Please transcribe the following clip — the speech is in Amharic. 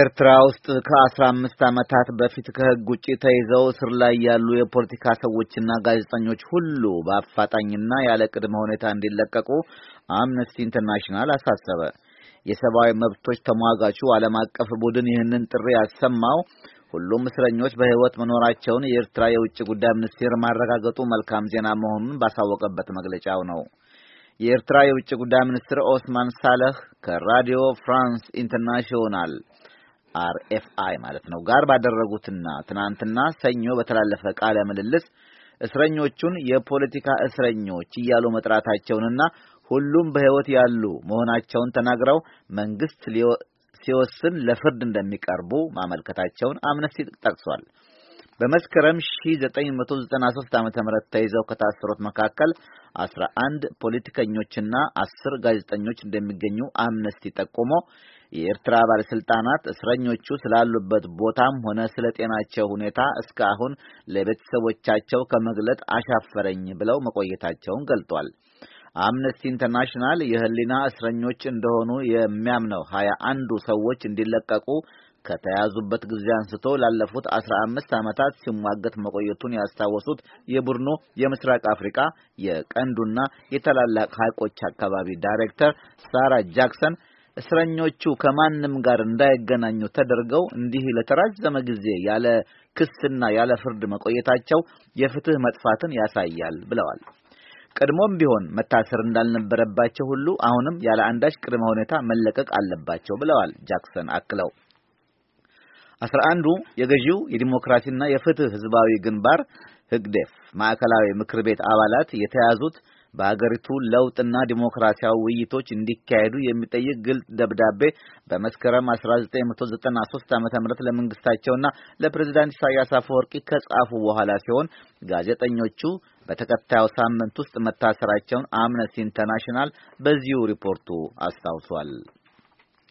ኤርትራ ውስጥ ከአስራ አምስት ዓመታት በፊት ከህግ ውጪ ተይዘው እስር ላይ ያሉ የፖለቲካ ሰዎችና ጋዜጠኞች ሁሉ በአፋጣኝና ያለ ቅድመ ሁኔታ እንዲለቀቁ አምነስቲ ኢንተርናሽናል አሳሰበ። የሰብአዊ መብቶች ተሟጋቹ ዓለም አቀፍ ቡድን ይህንን ጥሪ ያሰማው ሁሉም እስረኞች በሕይወት መኖራቸውን የኤርትራ የውጭ ጉዳይ ሚኒስቴር ማረጋገጡ መልካም ዜና መሆኑን ባሳወቀበት መግለጫው ነው። የኤርትራ የውጭ ጉዳይ ሚኒስትር ኦስማን ሳለህ ከራዲዮ ፍራንስ ኢንተርናሽናል አርኤፍአይ ማለት ነው ጋር ባደረጉትና ትናንትና ሰኞ በተላለፈ ቃለ ምልልስ እስረኞቹን የፖለቲካ እስረኞች እያሉ መጥራታቸውንና ሁሉም በሕይወት ያሉ መሆናቸውን ተናግረው መንግስት ሲወስን ለፍርድ እንደሚቀርቡ ማመልከታቸውን አምነስቲ ጠቅሷል። በመስከረም 1993 ዓ.ም ተይዘው ከታሰሩት መካከል 11 ፖለቲከኞችና 10 ጋዜጠኞች እንደሚገኙ አምነስቲ ጠቁሞ የኤርትራ ባለስልጣናት እስረኞቹ ስላሉበት ቦታም ሆነ ስለ ጤናቸው ሁኔታ እስካሁን ለቤተሰቦቻቸው ከመግለጥ አሻፈረኝ ብለው መቆየታቸውን ገልጧል። አምነስቲ ኢንተርናሽናል የህሊና እስረኞች እንደሆኑ የሚያምነው ሀያ አንዱ ሰዎች እንዲለቀቁ ከተያዙበት ጊዜ አንስቶ ላለፉት አስራ አምስት ዓመታት ሲሟገት መቆየቱን ያስታወሱት የቡድኑ የምስራቅ አፍሪካ የቀንዱና የታላላቅ ሐይቆች አካባቢ ዳይሬክተር ሳራ ጃክሰን እስረኞቹ ከማንም ጋር እንዳይገናኙ ተደርገው እንዲህ ለተራዘመ ጊዜ ያለ ክስና ያለ ፍርድ መቆየታቸው የፍትህ መጥፋትን ያሳያል ብለዋል። ቀድሞም ቢሆን መታሰር እንዳልነበረባቸው ሁሉ አሁንም ያለ አንዳች ቅድመ ሁኔታ መለቀቅ አለባቸው ብለዋል ጃክሰን አክለው። አስራ አንዱ የገዢው የዲሞክራሲና የፍትህ ህዝባዊ ግንባር ህግደፍ ማዕከላዊ ምክር ቤት አባላት የተያዙት በሀገሪቱ ለውጥና ዲሞክራሲያዊ ውይይቶች እንዲካሄዱ የሚጠይቅ ግልጽ ደብዳቤ በመስከረም 1993 ዓ.ም ለመንግስታቸውና ለፕሬዝዳንት ኢሳያስ አፈወርቂ ከጻፉ በኋላ ሲሆን ጋዜጠኞቹ በተከታዩ ሳምንት ውስጥ መታሰራቸውን አምነስቲ ኢንተርናሽናል በዚሁ ሪፖርቱ አስታውሷል።